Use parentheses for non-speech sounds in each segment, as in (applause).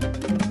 thank you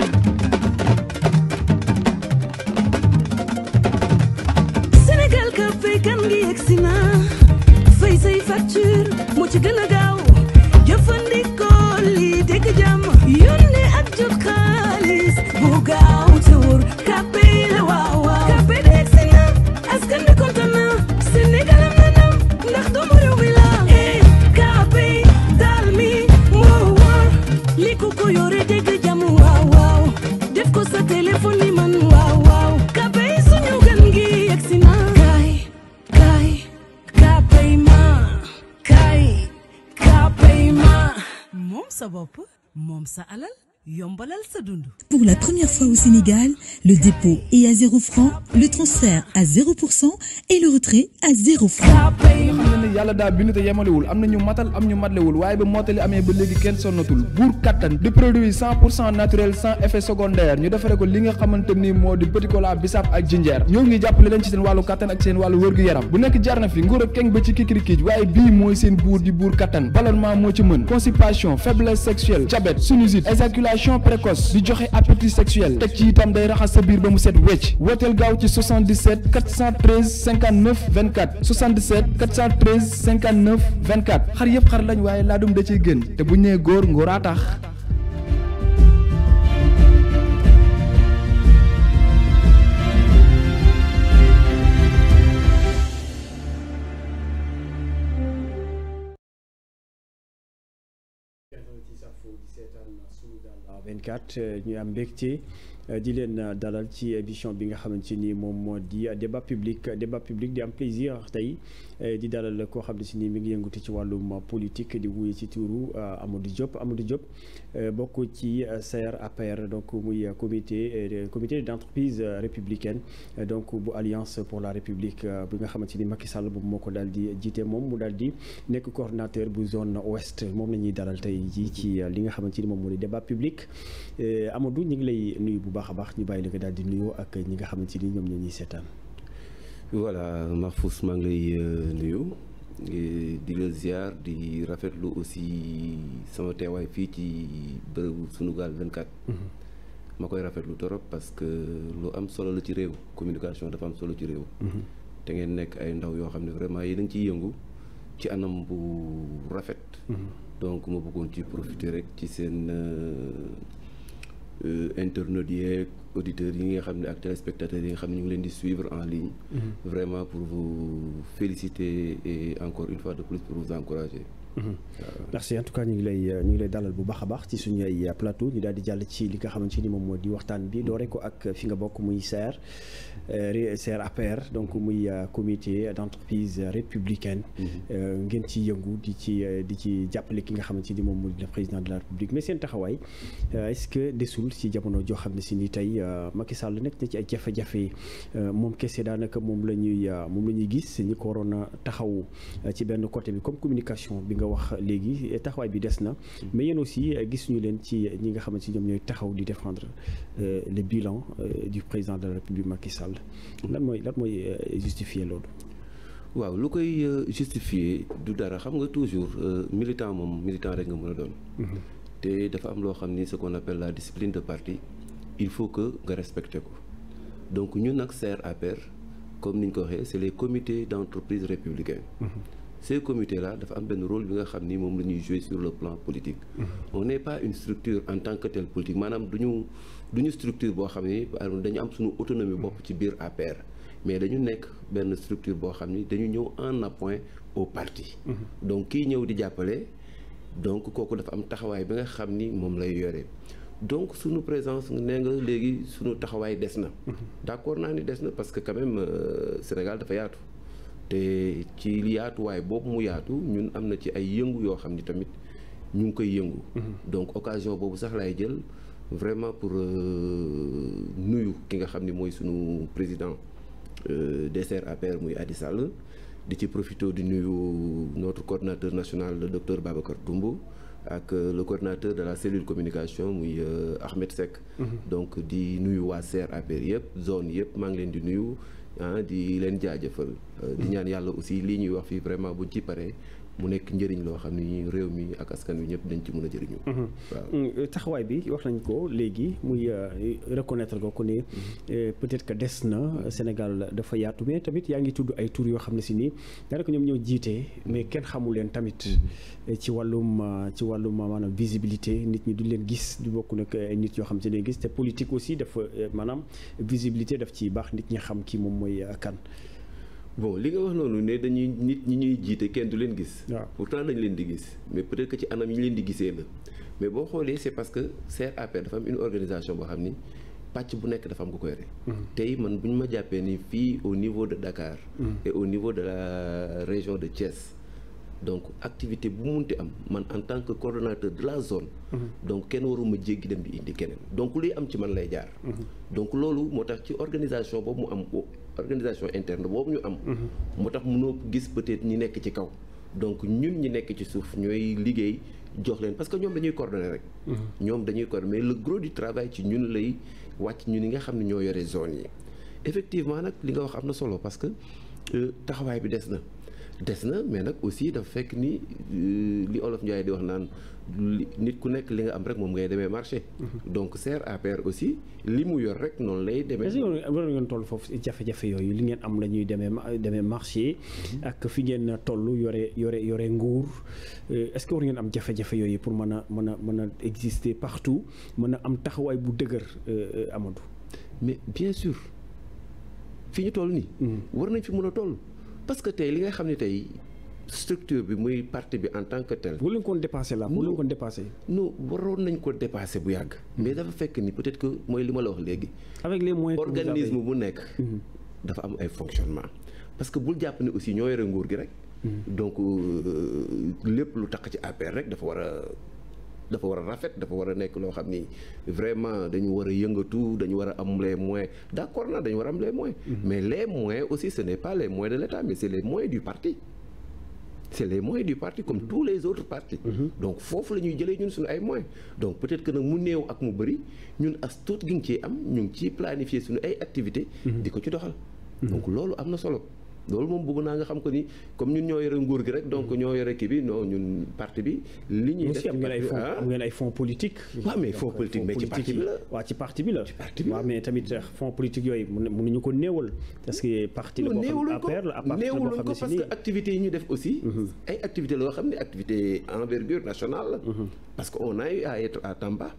moom sa alal yombalal sa dund. Pour la première fois au Sénégal Le dépôt est à 0 francs, le transfert à et le retrait à 0 francs. yàlla daa bind te yemalewul am na ñu matal am ñu matlewul waaye ba mottali amee ba léegi kenn sonnatul buur kattan di produit cent pour cent naturel sans effet secondaire ñu defare ko li nga xamante ni moo di petit cola bisaab ak jinjeer ñoo ngi jàppale leen ci seen wàllu kattan ak seen wàllu wërgu-yaram bu nekk jar na fi nguur ak keng ba ci kikirikiij waaye bii mooy seen buur di moo ci mën constipation faiblesse sexuelle diabète sinusite éjaculation précoce di joxe appétit sexuel teg ci itam day raxas sa biir ba mu set wecc wooteel gaaw ci 77 413 59 24 77 413 59 24 xar yëpp xar lañ waaye laa dum da ciy gën te bu ñu nee góor ngóoraa tax. vingt-quatre euh, ñu am mbégte di leen dalal ci émission bi nga xamante ni moom moo di débat public débat public di am plaisir tey Eh, di dalal koo xam ne si nii mi ngi yëngute ci wàllu wàllum politique di wuyu ci tuuru eh, Amadou Diop Amadou Diop eh, bokk ci CR APR donc muy comité comité d' entreprise républicaine donc bu alliance pour la république bi nga xamante ni Macky Sall boobu moo ko daal di jiite moom mu daal di nekk ko ordinateur bu zone ouest moom la ñuy dalal tey jii ci li nga xamante ni moom moo di débat public Amadou ñu ngi lay nuyu bu baax a baax ñu bàyyi la nga daal di nuyoo ak ñi nga xamante ni ñoom ñoo ñuy seetaan. voilà Mahfous maa ngi lay euh, nuyu di la ziar di rafetlu aussi sama teewaay fii ci bërëbu Sunugal 24. Mhm. ma koy rafetlu torop parce que lu am solo la ci réew communication dafa am solo ci réew. Mhm. te ngeen nekk ay ndaw yoo xam ne vraiment yéen a ciy yëngu ci anam bu rafet. Mhm. donc ma bëggoon ci profiter rek ci seen euh, euh, internet yeeg. auditeurs yi nga xam ne ak téléspectateurs yi nga xam ne ñu leen di suivre en ligne. Mhm. vraiment pour vous féliciter et encore une fois de plus pour vous encourager. Euh, merci en tout cas ñu ngi lay ñu ngi lay dalal bu baax a baax ci suñu ay plateau ñu daal di jàll ci li nga xamante ni moom moo di waxtaan bi doore ko ak fi nga bokk muy CR CR APR donc muy euh, comité d'entreprise républicaine mm-hmm. euh, ngeen ci yëngu di ci di ci jàppale ki nga xamante ni moom moo di le président de la République mais seen taxawaay est-ce que desul ci jamono joo xam ne si ni tey Macky Sall nekk na ci ay jafe-jafe moom kese daanaka moom la ñuy moom la gis ñi ko a taxaw benn côté bi comme communication wax léegi taxawaay bi des na mm. mais yéen aussi gis ñu leen ci ñi nga xamante si ñoom ñooy taxaw di défendre euh, le bilan euh, du président de la République Macky Sall mm. lan mooy lan mooy euh, justifier loolu waaw lu koy justifier du dara xam nga toujours militant moom militant rek nga mën a doon mm-hmm. te dafa am loo xam ni ce qu'on la discipline de parti il faut que nga respecté ko donc ñun nag CRAPR comme ni ñu ko waxee c'est les comités d'entreprise républicain mm-hmm. ces comités là dafa am benn rôle bi nga xam ni moom la ñuy jouer sur le plan politique mm-hmm. on n'est pas une structure en tant que telle politique maanaam du ñu du ñu structure boo xam ni dañu am suñu autonomie bopp ci biir APR mais dañu nekk benn structure boo xam ni dañu ñëw en appoint au parti mm-hmm. donc kii ñëw di jàppale donc kooku dafa am taxawaay bi nga xam ni moom lay yore donc suñu présence nee léegi suñu taxawaay des na mm-hmm. d'accord naa ni des na parce que quand même euh, Sénégal dafa yaatu te ci yaatuwaay boobu mu yaatu ñun am na ci ay yëngu yoo xam ni tamit ñu ngi koy yëngu. Mm-hmm. donc occasion boobu sax laay jël vraiment pour euh, nuyu ki nga xam ni mooy sunu président des euh, DCR APR muy Adi Sall di ci profité di nuyu notre coordinateur national le docteur Babacar Toumbo ak euh, le coordinateur de la cellule communication muy Ahmed Seck. Mm-hmm. donc di nuyu waa CR APR yëpp zone yëpp maa ngi leen di nuyu. ah di leen jaajëfal di ñaan yàlla aussi lii ñuy wax fii vraiment buñ ci pare mu nekk njëriñ loo xam ne ni réew mi ak askan wi ñëpp dañ ci mën a jëriñu. Mhm. waaw mm, euh, taxawaay bi wax nañ ko léegi muy euh, reconnaître ko ku ne mhm. euh, peut-être que des na Sénégal dafa yaatu mais tamit yaa ngi tudd ay tur yoo xam ne si nii daanaka ñoom ñëw jiitee mais kenn xamul leen tamit mhm. ci wàllum ci wàllum maanaam visibilité nit ñi duñ leen gis du bokk nag ay nit yoo xam ci leen gis te politique aussi dafa maanaam visibilité daf ci baax nit ñi xam kii moom mooy kan. bon li nga wax noonu ne dañuy nit ñi ñuy jiite kenn du leen gis. pour pourtant dañ leen di gis mais peut-être que ci anam yi ñu leen di gisee na mais boo xoolee c'est parce que CRAPR dafa am une organisation boo xam ni pàcc bu nekk dafa am ko koy yore. Hmm. tey man bu ñu ma jàppee ni fii au niveau de Dakar. Hmm. et au niveau de la région de Thiès. donc activité bu mun ti am man en tant que coordonnateur de la zone. Hmm. donc kenn waruma jéggi dem bi indi keneen donc luy am ci man lay jaar. donc loolu moo tax ci organisation boobu mu am organisation interne boobu ñu am. moo tax munoo gis peut-être ñi nekk ci kaw. donc ñun ñi nekk ci suuf ñooy liggéey jox leen parce que ñoom dañuy coordonner rek. ñoom dañuy coordonner mais le gros du travail ci ñun lay wàcc ñu ñi nga xam ne ñoo yore zone yi. effectivement nag li nga wax am na solo parce que euh, taxawaay bi des na. des na mais nag aussi dafa fekk ni euh, li Olof Ndiaye di wax naan nit ku nekk li nga am rek moom ngay demee marché. Mhm. donc serre APR aussi li mu yor rek noonu lay demee. est-ce que foofu jafe yooyu li ngeen am la ñuy demee demee marché mhm. ak fi ngeen toll yore yore yore nguur euh, est-ce que war ngeen am jafe-jafe yooyu pour mën a mën a mën a exister partout mën a am taxawaay bu dëgër euh, amatu mais bien sûr fi ñu toll nii. Mhm. war nañ fi mun a toll. parce que tey li nga xam ne tey structure bi muy parti bi en tant que tel. bu leen ko dépassé la bu leen dépassé. non waroon nañ ko dépassé bu yàgg. Mm-hmm. mais dafa fekk ni peut-être que mooy li ma la wax léegi. avec les moyens organisme bu nekk. Mm-hmm. dafa am ay fonctionnement parce que bul jàpp ne aussi ñoo yore nguur gi rek. Mm-hmm. donc euh, lépp lu taq ci APR rek dafa war a. dafa war a rafet dafa war a nekk loo xam ni vraiment dañu war a yëngatu dañu war a am les moin d' accord na dañu war a am les moyens. Mm-hmm. mais les moin aussi ce n' est pas les moyens de l' État mais c' est les moyens du parti. c' est les moyens du parti comme mm-hmm. tous les autres partis. Mm-hmm. donc foofu la ñuy jëlee ñun suñu ay moyens. donc peut-être que nag mu néew ak mu bëri ñun as tuut gi ñu ciy am ñu ngi ciy planifier suñu ay activités. di ko ci doxal. donc loolu am na solo. loolu moom bëgg naa nga xam ko ni comme ñun ñoo yore nguur gi rek donc ñoo yore kii bi non ñun parti bi. li ñuy ah. am ngeen ay fonds politique. waaw mais fonds politique mais ci parti bi la. waaw ci parti bi la. ci parti bi waaw mais tamit euh, fonds politique parce que parti la boo xam ne APR la néewluñ ko ñu def aussi. Mhm. ay activités la yoo xam ne activité envergure nationale la. Mhm. parce que on a eu à Tamba.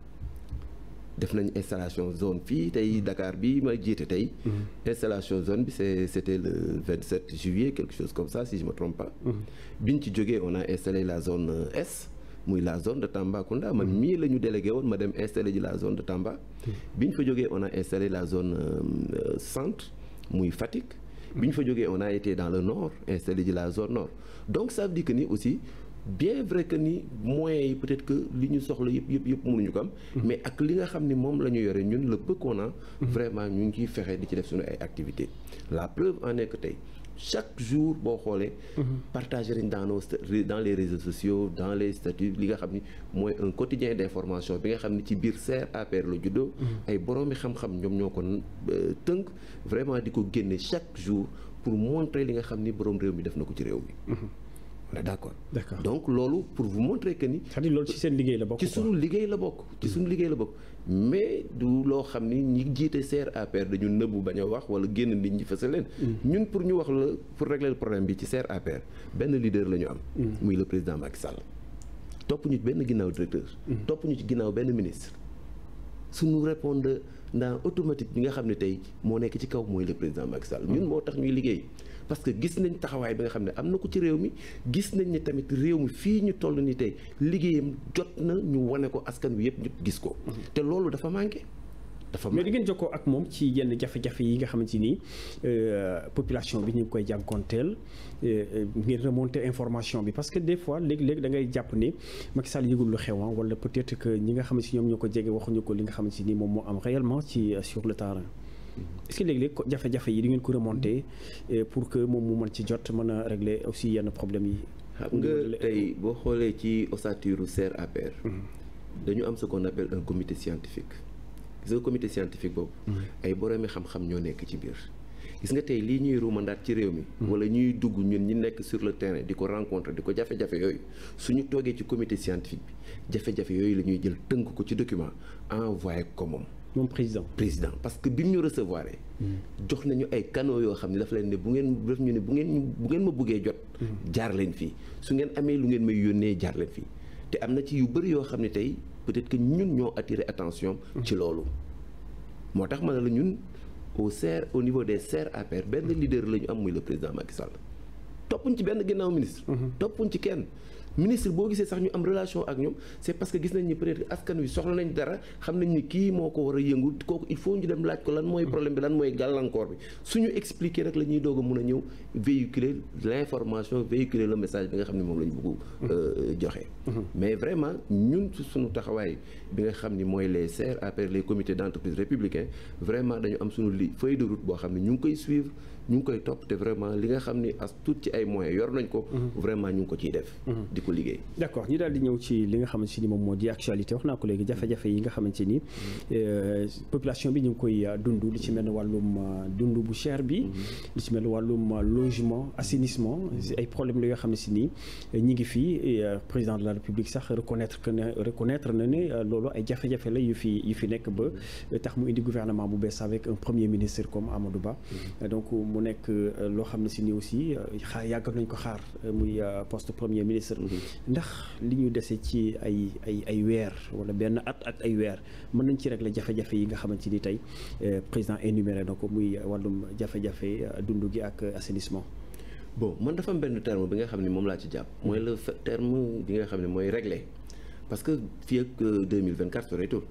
def nañ installation zone fii tey Dakar bi ma jiite tey. Mm-hmm. installation zone bi c'est c'était le 27 juillet quelque chose comme ça si je me trompe pas. Mm-hmm. biñ ci jógee on a installé la zone euh, S. muy la zone de Tambacounda man mm-hmm. mii la ñu délégué woon ma dem installé ji la zone de Tamba. bi ñu fa jógee on a installé la zone euh, euh muy Fatick. bi ñu fa jógee on a été dans le nord installé ji la zone nord donc ça que ni aussi bien vrai que ni moyens yi peut-être que li ñu soxla yëpp yëpp yëpp mënuñu ko am. Mm-hmm. mais ak li nga xam ni moom la ñu yore ñun la peu qu'on mm-hmm. vraiment ñu ngi ciy fexe di ci def suñu ay activités la preuve en nekk tey. chaque jour boo xoolee. Mm-hmm. partager nañ dans nos dans les réseaux sociaux dans les statuts li nga xam ni mooy un quotidien d'information bi nga xam ni ci biir serre APR la juddo ay boroomi xam-xam ñoom ñoo ko euh, tënk vraiment di ko génne chaque jour pour montrer li nga xam ni boroom réew mi def na ko ci réew mi. on accord. d' accord. donc loolu pour vous montrer que ni. xam loolu ci seen liggéey la bokk. ci suñu liggéey la bokk ci hmm. suñu liggéey la bokk. mais du loo xam ni ñi jiite CRAPR dañu nëbbu bañ a wax wala génn nit ñi fësal leen. Hmm. ñun pour ñu wax la pour régler problème bi ci CRAPR benn leader lañu am. Hmm. muy le président Macky Sall. topp ñu benn ginnaaw directeur. topp ñu ci ginnaaw benn ministre. suñu répondre dans automatique bi nga xam ne tey moo nekk ci kaw mooy le président Macky Sall. ñun moo tax ñuy liggéey. parce que gis nañ taxawaay bi nga xam ne am na ko ci réew mi gis nañ ni tamit réew mi fii ñu toll ni tey liggéeyam jot na ñu wane ko askan wi yëpp ñu gis ko mhm. te loolu dafa manqué dafa mais di ngeen ko ak moom ci yenn jafe-jafe yi nga xamante ni euh, population bi ñu ngi koy jànkoonteel euh, euh, ngeen remonter information bi parce que des fois léeg-léeg da ngay jàpp ni Macky Sall lu xew ah, wala peut-être que ñi nga xamante ni ñoom ñoo ko jege waxuñu ko li nga xamante ni moom moo am réellement ci sur le terrain. est-ce que léeg-léeg jafe-jafe yi di ngeen ko remonter euh, pour que moom mu mën ci jot man a régler aussi yenn problème yi. xam nga tey boo xoolee ci ossature serre APR. Mhm. dañu am ce qu'on appelle un comité scientifique. gis nga comité boobu. Mhm. ay boroomi xam ñoo nekk ci biir. gis nga tey lii ñuy ruumandaat ci réew mi. Mhm. wala ñuy dugg ñun ñi nekk sur le terrain di ko rencontre di ko jafe-jafe yooyu suñu toogee ci comité scientifique bi jafe-jafe yooyu la ñuy jël tënk ko ci document envoyé ko moom. moom président président parce que bi mu ñu recevoir jox nañu ay canaux yoo xam ne dafa leen ne bu ngeen def ñu ne bu ngeen bu ngeen ma bëggee jot jaar leen fii su ngeen amee lu ngeen may yónnee jaar leen fii te am na ci yu bëri yoo xam ne tey peut-être que ñun ñoo attiré attention ci loolu moo tax ma ne la ñun au ser au niveau des serres APR benn leader lañu am muy le président Macky Sall toppuñ ci benn ginnaaw ministre mhm. toppuñ ci kenn ministre boo gisee sax ñu am relation ak ñoom c'est parce que gis nañ ni peut-être askan wi soxla nañ dara xam nañ ni kii moo ko war a kooku il faut ñu dem laaj lan mooy problème bi lan mooy gàllankoor bi suñu expliquer rek la ñuy doog mun a ñëw véhiculer l'information véhiculer la message bi nga xam ne moom la ñu bëgg euh, joxe mais vraiment ñun suñu taxawaay bi nga xam ni mooy les CRAPR les comités d'entreprise républicains vraiment dañu am suñu li feuille de route boo xam ne ñu ngi koy suivre ñu ngi koy topp te vraiment li nga xam ne as tuut ci ay moyens yor nañ ko. Mhm. vraiment ñu ngi ko ciy def. Mhm. di ko liggéey. d' accord ñu daal di ñëw ci li nga xamante ni moom moo di actualité wax naa ko léegi jafe-jafe yi nga xamante ni mhm. euh, population bi ñu koy euh, dund li ci mel ne wàllum euh, dund bu cher bi. li ci mel ne wàllum logement assainissement ay problème la yoo xam ne si ngi fii président la république sax reconnaître que ne reconnaître na ne loolu ay jafe la yu fi yu fi nekk ba tax mu indi gouvernement bu bees avec un premier ministre comme Amadou Ba mu nekk euh, loo xam ne si ni aussi euh, xaar yàggal nañ ko xaar euh, muy poste premier ministre. Mhm. ndax li ñu dese ci ay ay ay weer wala benn at ak ay weer mën nañ ci régler jafe-jafe yi nga xamante ni tey président énuméré na ko muy wallum jafe-jafe dund gi ak assainissement. bon man dafa am benn terme bi nga xam ne moom laa ci jàpp. mooy le terme bi nga xam ne mooy régler parce que fii ak 2024 soriatul.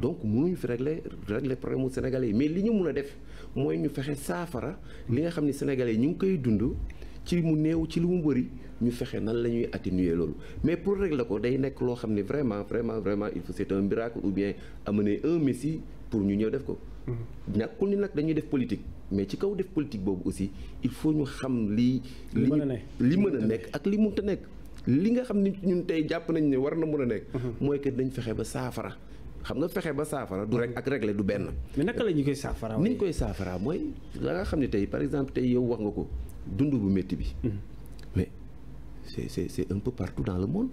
donc mënuñu fi régler régler problème mu sénégalais yi mais li ñu mun a def mooy ñu fexe saafara li nga xam ne sénégalais yi ñu ngi koy dund ci mu néew ci lu mu bëri ñu fexe nan la ñuy atténuer loolu mais pour régler ko day nekk loo xam ne vraiment vraiment vraiment il faut c'est un miracle ou bien amener un messie pour ñu ñëw def ko. Mm-hmm. ñàkkul ni nag dañuy def politique mais ci kaw def politique boobu aussi il ñu xam lii. li mën a nekk li mën a nekk ak li mënta nekk. li nga xam ni ñun tey jàpp nañ ne war na mën a nekk. Mm-hmm. mooy que dañ fexe ba saafara. xam nga fexe ba saafara du rek ak régler du benn. mais naka la ñu koy saafara ni ñu koy saafara mooy la nga xam ne tey par exemple tey yow wax nga ko dund bu métti bi. Mm-hmm. mais c'est c'est un peu partout dans le monde.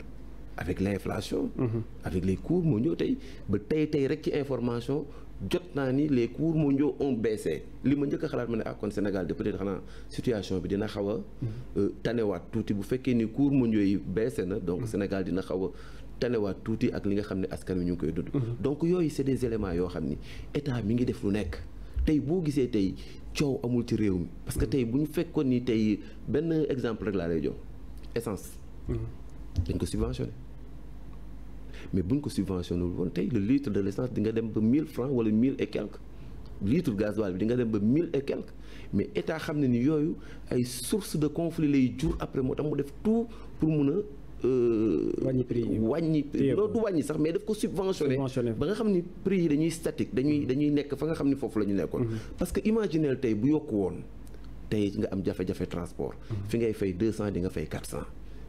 avec l'inflation. Mm-hmm. avec les moo mondiaux tey ba tey tey rek ci information jot naa ni les cours mondiaux ont baissé li ma njëkk a xalaat ma ne ah kon Sénégal de peut-être xanaa situation bi dina xaw a. Mm-hmm. Euh, tanewaat tuuti bu fekkee ni cours mondiaux yi baissé na. donc Sénégal dina xaw a talewaat tuuti ak li nga xam ne askan wi ñu ngi koy dund. Mhm. donc yooyu c'est des éléments yoo xam ni état mi ngi def lu nekk tey boo gisee tey coow amul ci réew mi. parce que mhm. tey bu ñu fekkoon nii tey benn exemple rek laa lay jox essence. Mhm. dañ ko subventionné mais buñ ko subventionné wul tey le litre de l'essence di nga dem ba mille francs wala 1000 et quelque. litre gasoil bi di nga dem ba mille et quelques mais état xam ne ni yooyu ay source de conflit lay après moo tax mu def tout pour mun a Euh, wàññi prix yi wàññi loolu du wàññi sax mais daf ko subventionné ba nga xam ni prix yi dañuy statique dañuy dañuy nekk fa nga xam ni foofu la ñu nekkoon mm-hmm. parce que imaginel tey bu yokku woon tey nga am jafe-jafe transport mm-hmm. fi ngay fay 200 di nga fay 400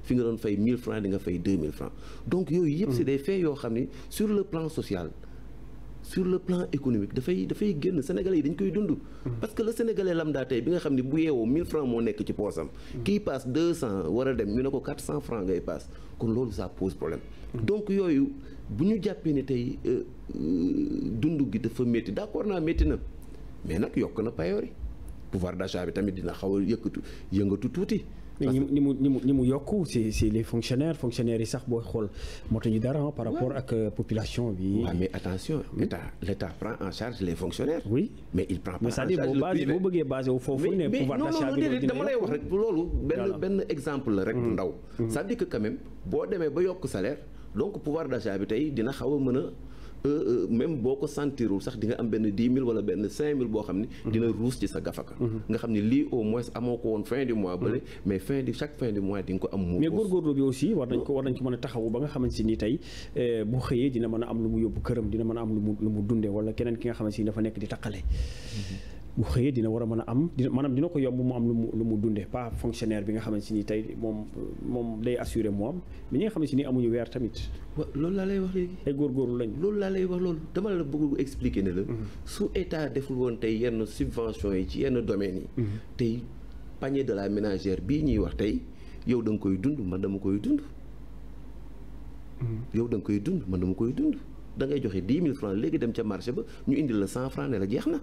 fi nga doon fay 1000 francs di nga fay 2000 francs donc yooyu yëpp c'est mm-hmm. des faits yoo xam ni sur le plan social sur le plan économique dafay dafay génn sénégalais yi dañ koy dund. Mm-hmm. parce que le sénégalais lambda tey bi nga xam ne bu yeewoo 1000 francs moo nekk ci poosam. Mm-hmm. kii paas 200 war a dem ñu ne ko 400 francs ngay paas kon loolu ça pose problème. Mm-hmm. donc yooyu bu ñu jàppee ne tey euh, euh, dund gi dafa métti d'accord naa métti na mais nag yokk na payoori pouvoir d'achat bi tamit dina xaw a yëkkatu yëngatu tuuti. mais mu ñi mu ñi mu yokku c'est c'est les fonctionnaires fonctionnaires yi sax boo xool ñu dara par rapport ak euh, population bi. waaw mais attention l'état l'état prend en charge les fonctionnaires. oui mais il prend pas en charge le privé mais c'est-à-dire boo bëggee basé wu foofu. ne pouvoir d'achat bi dama lay wax rek loolu. benn benn exemple la rek. Mm. ndaw c'est-à-dire mm. que boo demee ba yokk salaire donc pouvoir d'achat bi tey dina xaw a mën a. Euh, euh, même boo ko sentirul sax di nga am benn dix mille wala benn cinq mille boo xam ni mhm. dina ruus ci sa gafaka mhm. nga xam ni lii au moins amoo ko woon fin du mois bële mhm. mais fin du chaque fin du mois di nga ko am mu mais góorgóorlu bi aussi war nañ ko war nañ ko mën a taxawu ba nga xamante ni tey eh, bu xëyee dina mën a am lu mu yóbbu këram dina mën a am lu mu lu dunde wala keneen ki nga xamante ni dafa nekk di taqale bu xëyee dina war a mën a am dina maanaam dina ko yomb mu am lu mu lu mu dundee pas fonctionnaire bi nga xamante ni tey moom moom day assuré moom am mais ñi nga xamante ni amuñu weer tamit. loolu laa lay wax léegi. ay góorgóorlu lañ. loolu laa lay wax loolu dama la bëgg expliquer ne la. Mhm. su état deful woon tey yenn subvention yi ci yenn domaines yi. Mhm. tey panier de la ménagère bii ñuy wax tey yow da nga koy dund man dama koy dund. Mhm. yow da nga koy dund man dama koy dund. da ngay joxe dix mille francs léegi dem ca marché ba ñu indi la cent francs ne jeex na.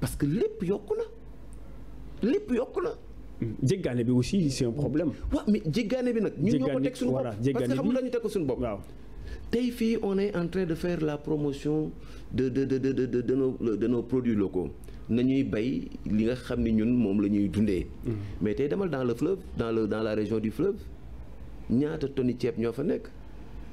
parce que lépp yokk na lépp yokku na. jéggaane bi aussi c'est un problème. waaw mais jéggaane bi nag. ñu ñoo ko teg suñu bopp parce que xam nga ñu teg ko suñu bopp. tey fii on est en de faire la promotion de de de de de de nos de nos produits locaux bay li nga xam ni ñun moom la ñuy dundee. Mm-hmm. mais tey demal dans le fleuve dans le dans la région du fleuve ñaata tonni ceeb ñoo fa nekk.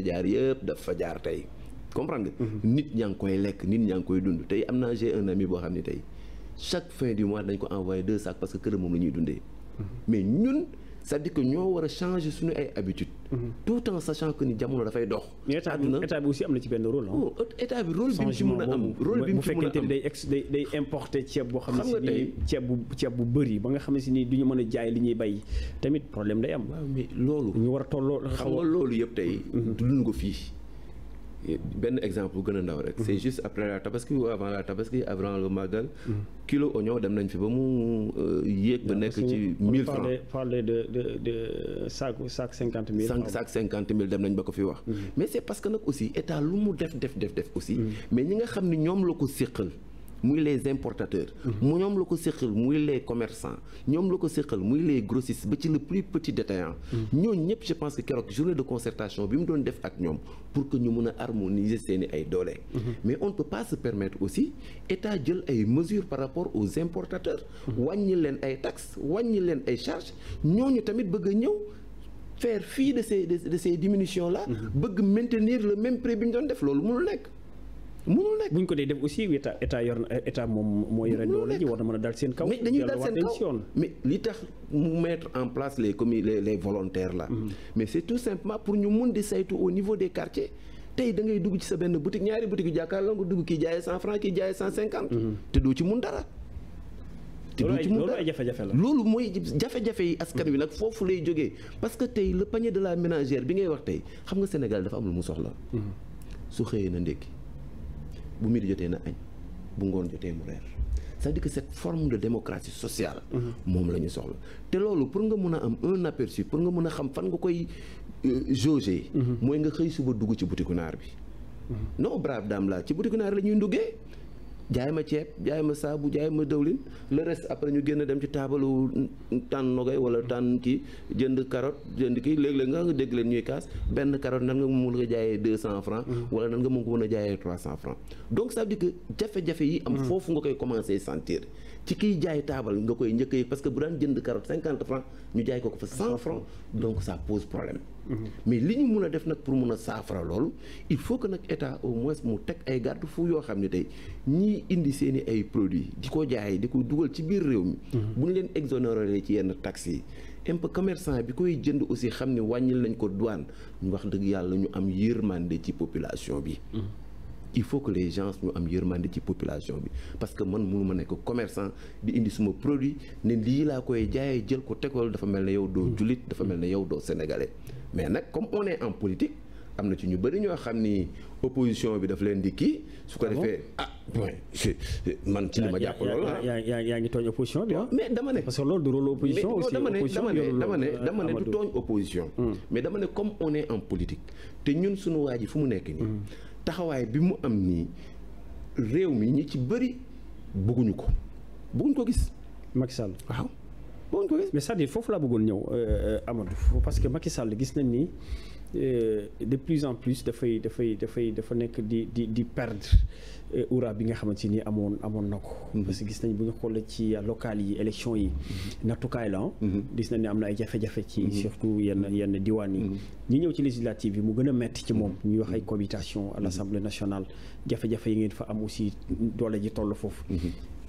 a jaar yëpp daf fa jaar tey comprendre nga. Mhm. nit ñaa ngi koy lekk nit ñaa ngi koy dund tey am na j'ai un ami boo xam ne tey chaque fin du mois dañ ko envoyé deux sacs parce que këram moom la ñuy dundee mhm. mais ñun cest à ñoo war a changer suñu ay habitudes Mhm. tout en sachant que ni jamono dafay dox. àdduna état bi aussi am na ci benn rôle ah. état bi rôle bi mu ci mën a am rôle bi mu ci mën a am bu fekkente day ex day day importer ceeb boo. xam nga xam ne si nii ceeb bu ceeb bu bëri ba nga xam ne si nii du ñu mën a jaay li ñuy bay tamit problème day am. waaw mais loolu. ñu war a tolloo xam nga loolu yëpp tey. Mhm. dund ko fii. benn exemple bu gën ndaw rek. Mhm. c'est juste après la tabaski ou avant la tabaski avant le magal. Mhm. kilo oignon dem nañ fi ba mu euh, yéeg ba nekk ci. 1000 francs parle de de de sac sac cinquante mille. sac cinquante mille dem nañ ba ko fi wax. Mhm. mais c'est parce que nag aussi état lu mu def def def def aussi. mais ñi nga xam ni ñoom la ko séqal. muy les importateurs mmh. mu ñoom la ko séqal muy les commerçants ñoom la ko séqal muy les grossistes ba ci le plus petit détaillant mmh. ñooñu ñëpp je pense que keroog journée de concertation bi mu doon def ak ñoom pour que ñu mën a harmoniser seeni ay doole mmh. mais on ne peut pas se permettre aussi état jël ay mesures par rapport aux importateurs wàññi leen ay taxes wàññi leen ay charges ñooñu tamit bëgg ñëw faire fi de ces de ces diminutions la bëgg maintenir le même bi ñu doon def loolu mënul nekk mënul nekk buñ ko dee def aussi état état yor na état moom moo yore doole ji war na a dal seen kaw. mais dañuy dal seen kaw mais li tax mu mettre en place les commis les les volontaires là. Mhm. mais c'est tout simplement pour ñu mun di saytu au niveau des quartiers. tey da ngay ci sa benn boutique ñaari boutique yu jàkkaarloo nga dugg kii jaayee cent franc kii jaayee cent cinquante. Mhm. te doo ci mun dara. te la. loolu mooy jafe-jafe yi askan wi mhm. nag lay jógee parce que tey le panier de la ménagère bi ngay wax tey xam nga Sénégal dafa am mu soxla. su xëyee na ndekki bu midi jotee na añ bu ngoon jotee mu reer c'est-à-dire que de démocratie sociale mm-hmm. moom la soxla te loolu pour nga mun a am un aperçu pour nga mën a xam fan nga koy euh, jauger mm-hmm. mooy nga xëy suba dugg ci butiku naar bi mm-hmm. non brave dame la ci butiku naar la ñuy nduggee jaay ma ceeb jaay ma saabu jaay ma dëwlin le reste après ñu génn dem ci taabalu tànn nogay wala tànn ci jënd carotte jënd kii léeg-léeg nga nga dégg leen ñuy kaas benn carotte nan nga mun nga jaayee deux cent francs mm-hmm. wala nan nga mun ko mën a jaayee trois cent francs donc ça veut dire jafe-jafe yi am mm-hmm. foofu nga koy commencer sentir ci kiy jaay taabal nga koy njëkk yi parce que bu daan jënd carotte cinquante franc ñu jaay ko ko fa cent franc donc ça pose problème mhm. mais li ñu mun a def nag pour mun a saafara loolu il faut que nag état au moins mu teg ay garde fu yoo xam ne tey ñii indi seen i ay produits di ko jaay di ko dugal ci biir réew mi mhm. bu ñu leen exonéré ci yenn taxes yi imp commerçant bi koy jënd aussi xam ne wàññil nañ ko douane ñu wax dëgg yàlla ñu am yërmande ci population bi mhm. il faut que les gens ñu am yërmande ci population bi parce que man mënu ma nekk commerçant di indi suma produit ne lii laa koy jaayee jël ko tegal dafa mel ne yow doo mm. jullit dafa mel ne yow doo sénégalais mais nag comme on en politique am na ci ñu bëri ñoo xam ni opposition bi daf leen di kii su ko ah defee ah man ci li ma jàpp loolu yaa ngi tooñ ah. mais dama ne parce que loolu du rôle opposition aussi dama ne dama ne mm. mais dama ne comme on est te ñun suñu waa ji fu mu nekk nii mm. taxawaay bi mu am nii réew mi ñu ci bëri bëgguñu ko bëgguñu ko gis. Macky Sall waaw. bëgguñu ko gis mais c'est-à-dire foofu laa bëggoon ñëw euh, euh, Amadou parce que Macky gis nañ nii Euh, de plus en plus dafay dafay dafay dafa nekk di di di perdre euh, aura bi nga xamante ni amoon amoon na ko. Mhm. parce que gis nañ bu nga xoolee ci local yi élection yi. Mhm. nattukaay la ah. mhm. gis nañ ne am na ay jafe-jafe ci surtout yenn yenn diwaan yi. ñi ñëw ci législative yi mu gën a metti ci moom. ñuy wax ay cohabitation à l' assemblée nationale yi ngeen fa am aussi ji toll foofu.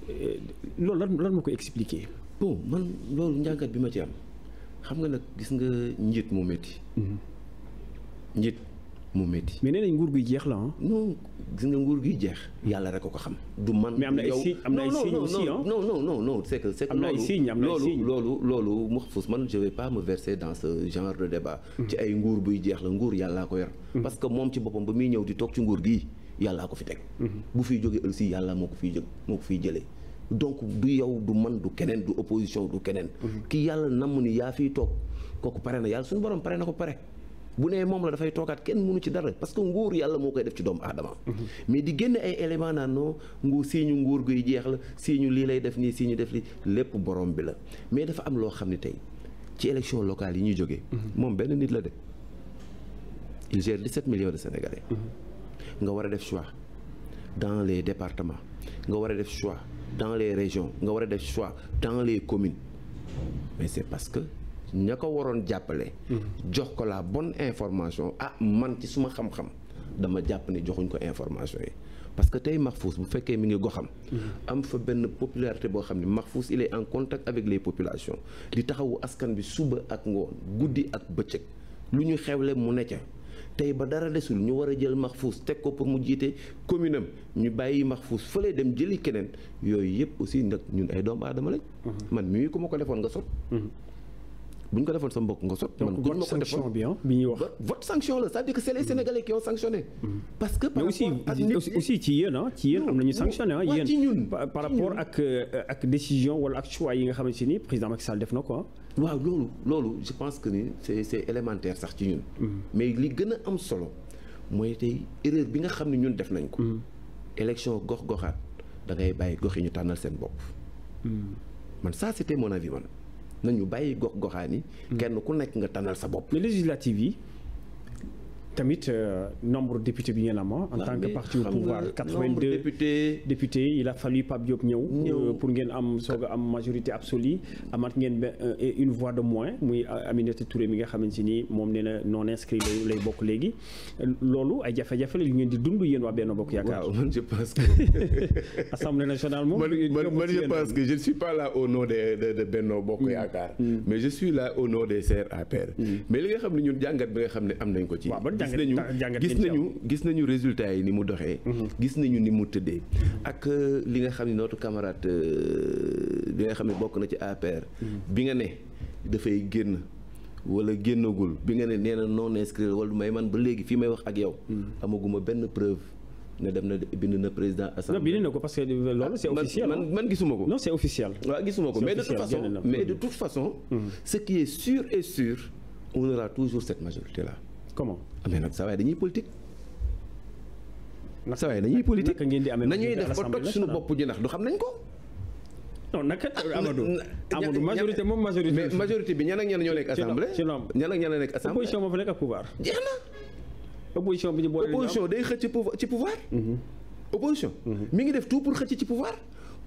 Euh, loolu lan lan ma ko expliquer. bon man loolu njàngat bi ma ci am xam nga nag gis nga njiit moo métti. njit mu métti. mais nee nañ nguur gi jeex la ah. non gis nga nguur gi jeex. yàlla rek a ko xam. du man mais am na ay signe na ay signe aussi ah non am na ay am na ay signe loolu loolu man je vais pas me verser dans ce genre de débat. Mm-hmm. buy jeex la nguur yàllaa ko yor. Mm-hmm. parce que moom ci boppam ba muy ñëw di toog ci nguur gii yàllaa ko fi teg. Mm-hmm. bu fiy jógee aussi yàlla moo ko fiy jóg moo ko fiy jëlee. donc yow du man du keneen du opposition du keneen. ki yàlla namm ni yaa fiy toog kooku pare na yàlla suñu borom pare na ko pare. bu nee moom la dafay toogaat kenn mënu ci dara parce que nguur yàlla moo koy def ci doomu aadama. mais di génn ay éléments naan non nguur sii ñu nguur guy jeex la siiñu lii lay def nii sii ñu def li lépp borom bi la mais dafa am loo xam ne tey ci élection locale yi ñuy jógee. moom benn nit la de il gère 17 millions de sénégalais. nga war a def choix dans les départements nga war a def choix dans les régions nga war a def choix dans les communes mais c'est parce que. ña ko waroon jàppale. jox ko laa bon information ah man ci suma xam-xam. dama jàpp ne joxuñ ko information yi parce que tey Mahfouz bu fekkee mi ngi goxam. am fa benn popularité boo xam ne Mahfouz il est en contact avec les populations di taxawu askan bi suba ak ngoon guddi ak bëccëg lu ñu xewle mu ne ca tey ba dara desul ñu war a jël Mahfouz teg ko pour mu jiite commune am ñu bàyyi Mahfouz fële dem jëli keneen yooyu yëpp aussi nag ñun ay doomu aadama lañ. Mm-hmm. man mii ku nga sot mm-hmm. bu ñu ko defoon sa mbokk nga sot man buñ ma ko defoon bi bi ñuy wax votre sanction la cest à que c'est les Sénégalais qui ont sanctionné mm-hmm. parce que par rapport aussi ci yéen ah ak décision wala ak choix yi nga xamante ni président Macky Sall def na ko waaw loolu loolu je pense que ni c'est c'est élémentaire sax ci ñun mm-hmm. mais li gën a am solo mooy tey erreur bi nga xam ne ñun def nañ ko mm-hmm. élection gox goxaat da ngay bàyyi gox yi ñu tànnal seen bopp man ça c'était mon avis man ñu bàyyi gox goxaan yi. Hmm. kenn ku nekk nga tanal sa bopp. mais législative yi tamit euh, nombre député bi ngeen am en tant que parti au pouvoir 82 députés il a fallu Pape Diop ñëw euh, pour ngeen am soog a am majorité absolue amaat ngeen ba euh, une voix de moins muy Aminata Touré mi nga xamante ni moom ne na non inscrit lay bokk léegi loolu ay jafe-jafe la yu ngeen di dund yéen waa Benno Bokk Yaakaar waaw je (laughs) suis pas au nom de de Benno Bokk mm. Yaakaar mm. mais je suis là au nom des CRAPR mm. mais li nga xam ne ñun jàngat bi nga xam ne am nañ ko ci gis nañu gis nañu gis nañu résultat yi ni mu doxee mhm. gis nañu ni mu tëddee ak euh, li nga xam ne nootu camarade euh, bi nga xam ne bokk na ci APR mhm. bi nga ne dafay génn wala génnagul bi nga ne nee na non inscrire wala may man ba léegi fii may wax ak yow mhm. amaguma benn preuve ne dem na bind na président assemblée. non bind na ko parce que loolu c'est ah, officiel man gisuma ko. non c'est officiel. waaw gisuma ko mais de toute façon mais de toute façon. ce qui est sûr et sûr on toujours cette majorité là. comment ah, mais nag saa waay dañuy politique. naka saa waay dañuy politique ngeen di amee nañuy def ba toj suñu bopp ji ndax du xam nañ ko. non naka ah, euh, Amadou. Amadou majorité moom majorité. mais majorité bi ñan ak ñan ñoo nekk assemblée. ci ñan ak ñan nekk assemblée opposition moo fa nekk ak pouvoir. jeex na. opposition bi ñu boole opposition day xëcc ci pouvoir. Mm-hmm. opposition. Mm-hmm. mi ngi def tout pour xëcc ci pouvoir.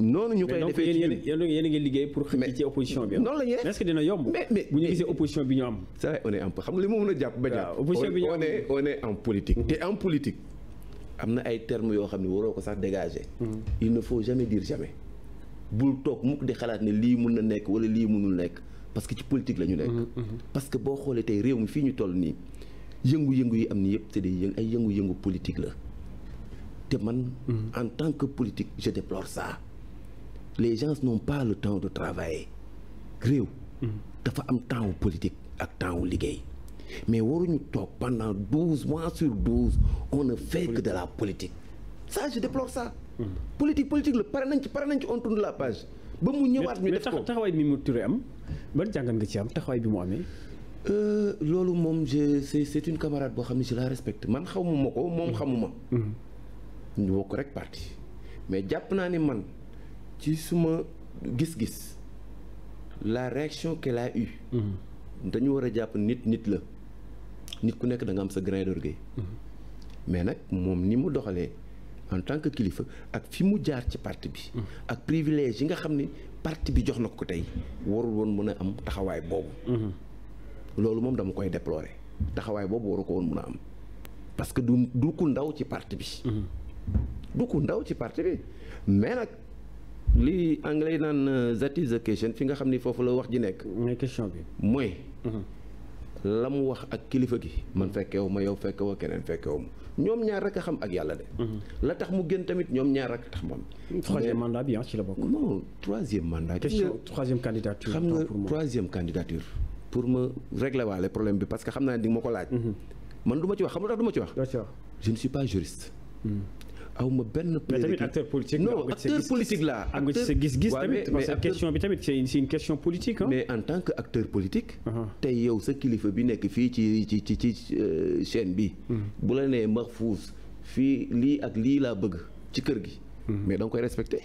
noonu ñu koy defee ci ñun mais yéen a liggéey pour xëcc ci opposition bi. noonu la ñuy def est-ce bu ñu gisee opposition bi ñu am. c'est vrai on est en xam nga li ma a jàpp ba jàpp. opposition bi ñu am en politique. te en politique am na ay termes yoo xam ne waroo ko sax dégager. Mm-hmm. il ne faut jamais dire jamais. bul xalaat ne lii mun na nekk wala lii munul nekk parce que ci politique la ñu nekk. Mm-hmm, mm-hmm. parce que boo xoolee tey réew mi fii ñu toll nii yëngu-yëngu yi am ni yëpp c'est des ay yëngu-yëngu politique la te man. en tant que politique je déplore ça. les gens n'ont pas le temps de travailler réew. Mm-hmm. dafa am temps wu politique ak temps wu liggéey. mais waruñu toog pandant douze mois sur douze on ne fait que de la politique ça je déplore ça. Mm-hmm. politique politique la pare nañ ci pare nañ ci on tourne la page. ba mu ñëwaat ñu def ko taxawaay bi mu turé am ban jàngat nga ci am taxawaay bi mu amee. Euh, loolu moom je c' est une camarade boo xam ne je la respecte man xamuma ko moom mm-hmm. xamuma. ñu bokk rek parti mais jàpp naa ne man. ci suma gis-gis la réaction qu'elle a mhm. dañu war a jàpp nit nit la nit ku nekk danga nga am sa grain d'orgueil mhm. mais nag moom ni mu doxalee en tant que kilifa ak fi mu jaar ci parti bi mhm. ak privilège yi nga xam ni parti bi jox na ko tey warul woon mën a am taxawaay boobu loolu moom dama koy déplorer taxawaay boobu waru ko woon mën a am parce que du du ku ndaw ci parti bi du ku ndaw ci parti bi mais nag li anglais naan euh, that is fi nga xam ni foofu la wax ji nekk. mooy question bi. mooy. Mhm. la mu wax ak kilifa gi. man fekkewu ma yow fekkewu keneen fekkewu ma ñoom ñaar rek a xam ak yàlla de. Mhm. la tax mu gën tamit ñoom ñaar rek tax moom. troisième mandat bi ci la bokk. non troisième mandat. question troisième candidature. xam nga troisième candidature. pour ma régler waale problème bi parce que xam naa ne di nga ma ko laaj. Mhm. man du ma ci wax xam nga tax ma ci wax. je ne suis pas aw benn. mais tamit acteur politique non acteur politique la am nga gis-gis tamit parce que question bi tamit c'est une question politique mais en tant que acteur politique. Ah ah. tey yow sa kilifa bi nekk fii ci ci ci ci euh, chaîne bi. Hmm. bu la nee Mahfouz fii lii ak lii laa bëgg ci kër gi. Hmm. mais da koy respecté.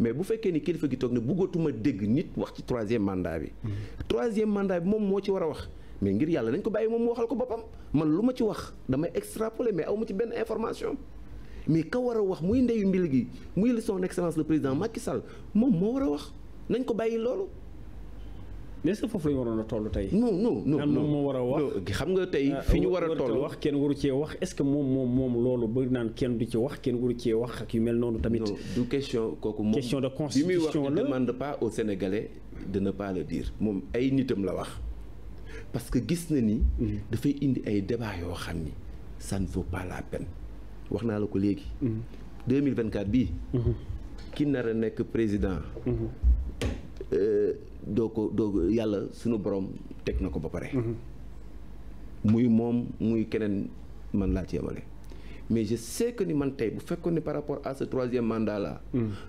mais bu fekkee ni kilifa gi toog ne bëggatuma dégg nit wax ci troisième mandat bi. Hmm. troisième mandat bi moom moo ci war a wax. mais ngir yàlla nañ ko bàyyi moom waxal ko boppam man lu ma ci wax damay extrapoler mais aw ma ci benn information. mais ka war a wax muy ndeyu mbil gi muy son excellence le président makki sal moom moo war a wax nañ ko bàyyi loolu. mais est foofu la ñu waroon a toll tey. non non non moom moo war a wax. xam nga tey ah, fi ñu war a toll wax kenn waru cee wax est-ce que moom moom moom loolu bëgg naan kenn du ci wax kenn waru cee wax ak yu mel noonu tamit. du question kooku moom question de constitution la bi muy wax ne demande pas aux Sénégalais de ne pas le dire. moom ay nitam la wax parce que gis na ni. Mhm. dafay indi ay débat yoo xam ni ça ne vaut wax naa la ko léegi. 2024 mhm. bii. Mhm. ki nar a nekk président. Mhm. Euh, doo ko doo yàlla sunu borom teg na ko ba pare. muy moom muy keneen man laa ci yemale. mais je sais que ni man tey bu fekkoon ne par rapport à ce troisième mandat là.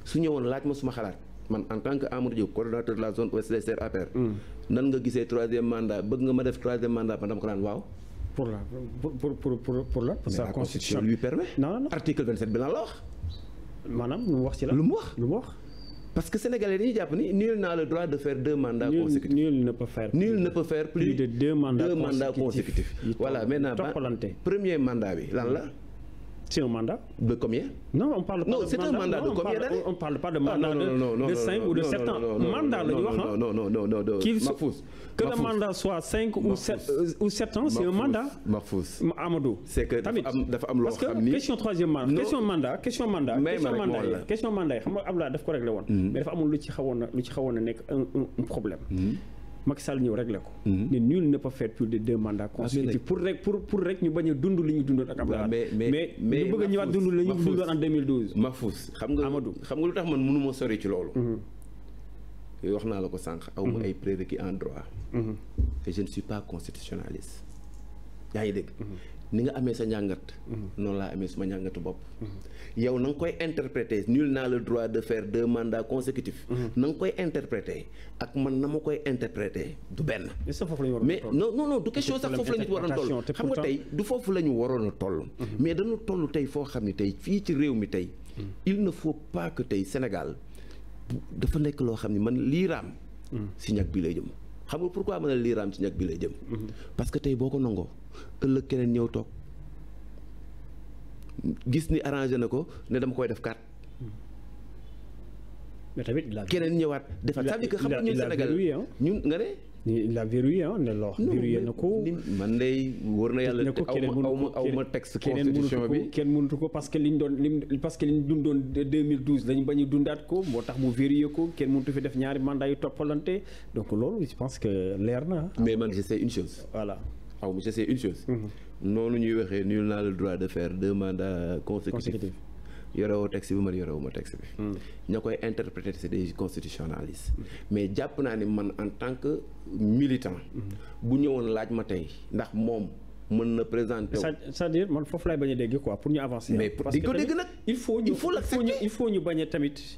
su ñëwoon laaj ma suma xalaat. man en tant que Amadou Diop coordonnateur de la zone ouest des serres nan nga gisee troisième mandat bëgg nga ma def troisième mandat ba dama ko naan waaw. pour la pour pour pour la. pour sa constitution lui permet. non non non article bi lan la wax. maanaam lu mu wax ci la lu mu wax lu mu wax. parce que sénégalais dañuy jàpp ni nul n'a le droit de faire deux mandats nul, consécutifs. nul ne peut faire. nul ne peut faire plus, deux mandats consécutifs. Mandats consécutifs. voilà maintenant ba premier mandat bi lan la. C'est un mandat. De combien Non, on parle pas non, de mandat. Non, c'est un mandat de combien d'années On parle pas de ah, mandat de 5 ou de 7 ans. Mandat, le Non, non, non, non, non. non Qu'il soit, que le mandat soit 5 ou 7, euh, ou 7 ans, c'est un mandat. Marfous. Amadou. C'est que dafa am lo xamni. Question troisième mandat. Question mandat, question mandat, question mandat. Question mandat, xam nga Abdoulaye daf ko réglé woon. Mm-hmm. Mais dafa amul lu ci xawoon lu ci xawoon nekk un problème. Mm-hmm. Macky Sall ñëw réglé ko. Mhm. ne nul ne peut faire plus ah, pour rek pour pour rek ñu bañ a dund li ñu dundoon ak Abdoulaye a xam nga Amadou xam nga lu tax man mënu ma sori ci loolu. Mhm. wax naa la ko sànq. aw ma mhm. ay prérequis en droit. et je ne suis pas constitutionnaliste. yaa ngi dégg. Mhm. ni nga amee sa njàngat. Mhm. noonu laa amee suma njàngatu bopp. Mhm. yow na nga koy interpréter nul naa la droit de faire deux mandats consécutifs. na nga koy interpréter ak man na ma koy interpréter du benn. mais non non non du question sax foofu la ñu waroon toll xam nga tey du foofu la ñu waroon a toll. mais dañu tollu tey foo xam ne tey fii ci réew mi tey. il ne faut pas tey Sénégal dafa nekk loo xam ne man lii raam. si ñag bi lay jëm xam nga pourquoi ma ne lii raam si ñag bi lay jëm. parce que tey boo ko nangoo. ëllëg keneen ñëw toog gis ni arrangé na ko ne dama koy def carte. mais tamit keneen ñëwaat. defaat ça veut dire xam nga ñun Sénégal ñun nga ne. il a verrouillé ah ne loo verrouillé na ko. man day wóor na yàlla te aw ma aw ma texte constitution bi kenn mënatu ko parce que li liñ doon lim parce que liñ dundoon 2012 dañu bañ a dundaat ko moo tax mu verrouillé ko kenn mënatu fi def ñaari mandat yu toppalante donc loolu je pense que leer na. mais man je sais une chose. voilà. xaw ma je sais une chose. Mhm. noonu ñuy waxee nul n'a le droit de faire deux mandats consécutifs. yorewoo texte bi man yorewuma texte bi. Mhm. ña koy interpréter c'est des constitutionnalistes. Mhm. mais jàpp naa ni man en tant que militant. bu ñëwoon laaj ma tey ndax moom. mën na présenter c'est-à-dire man foofu laay bañ a dégg quoi pour ñu avancer. mais pour di ko dégg nag il faut ñu il faut ñu bañ a tamit.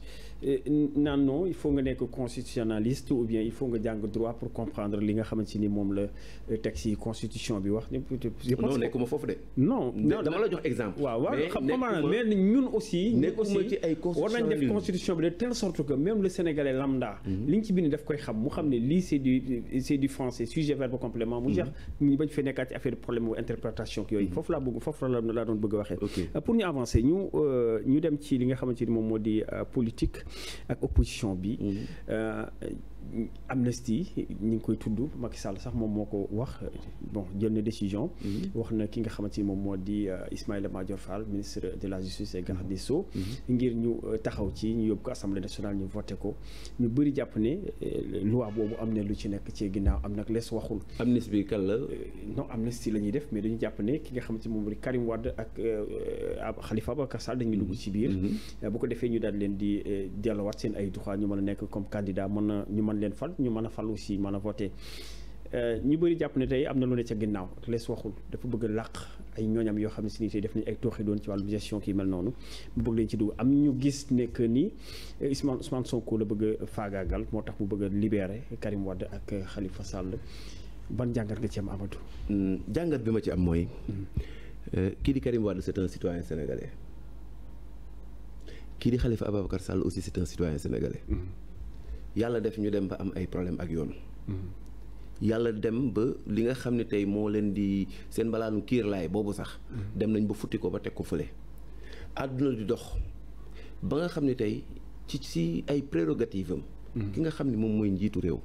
naan non il faut nga nekk constitutionnaliste ou bien il faut nga jàng droit pour comprendre li nga xamante ni moom la euh, texte yi constitution bi wax. je pense non nekkuma foofu de. non dama jox exemple. waaw waaw xam mais ñun aussi. nekkuma ci ay war nañ def constitution bi de telle sorte que mhm. ne lii c' est du c' est du français sujet verbe complément. mu mhm. jeex ñu bañ fee nekkaat ci affaire problème wu interprétation ak mhm. laa doon bëgg a waxee. Euh, pour ñu avancer euh, ñu dem ci li nga xamante ni moom moo di politique. ak opposition bi. Mhm. Euh, amnistie ñu ngi koy tudd Macky Sall sax moom moo ko wax bon jël na décision. Mhm. wax na ki nga xamante ni moom moo di euh, Ismaïla Madior Fall ministre de la justice et garde so mhm. mhm. ngir ñu euh, taxaw ci ñu yóbbu ko assemblée nationale ñu voté ko ñu bëri jàpp ne euh, loi boobu am na lu ci nekk ci ginnaaw am nag lees waxul. amnistie bi kan la. non amnistie la ñuy def mais dañu jàpp ne ki nga xamante si moom mooy Karim Wade ak Khalifa Ababacar Sall dañuy dugg ci biir. bu ko defee ñu daal leen di delluwaat seen ay droit ñu mën a nekk comme candidat mën na mën leen fal ñu mën a fal aussi mën a voté euh, ñu bëri jàpp ne tey am na lu ne ca ginnaaw lees waxul dafa bëgg a làq ay ñooñam yoo xam ne si ni tey def nañ ay tooxi doon ci wàllu gestion kii mel noonu mu bëgg leen ci dugg am ñu gis ne que ni euh, Ousmane Ousmane Sonko la bëgg faagaagal moo tax mu bëgg a libéré Karim Wade ak xalifa Sall ban jàngat nga ci am Amadou. Hmm, jàngat bi ma ci am mooy. Hmm. Euh, kii di Karim Wade c'est un citoyen sénégalais. kii di Khalifa Ababacar Sall yàlla def ñu dem ba am ay problème ak yoon dem ba li nga xam ne tey moo leen di seen balaanu kiirlaay boobu sax dem nañ ba futti ko ba teg ko fële àdduna di dox ba nga xam ne tey ci ci ay prérogative am hmm. ki nga xam ni moom mooy njiitu réew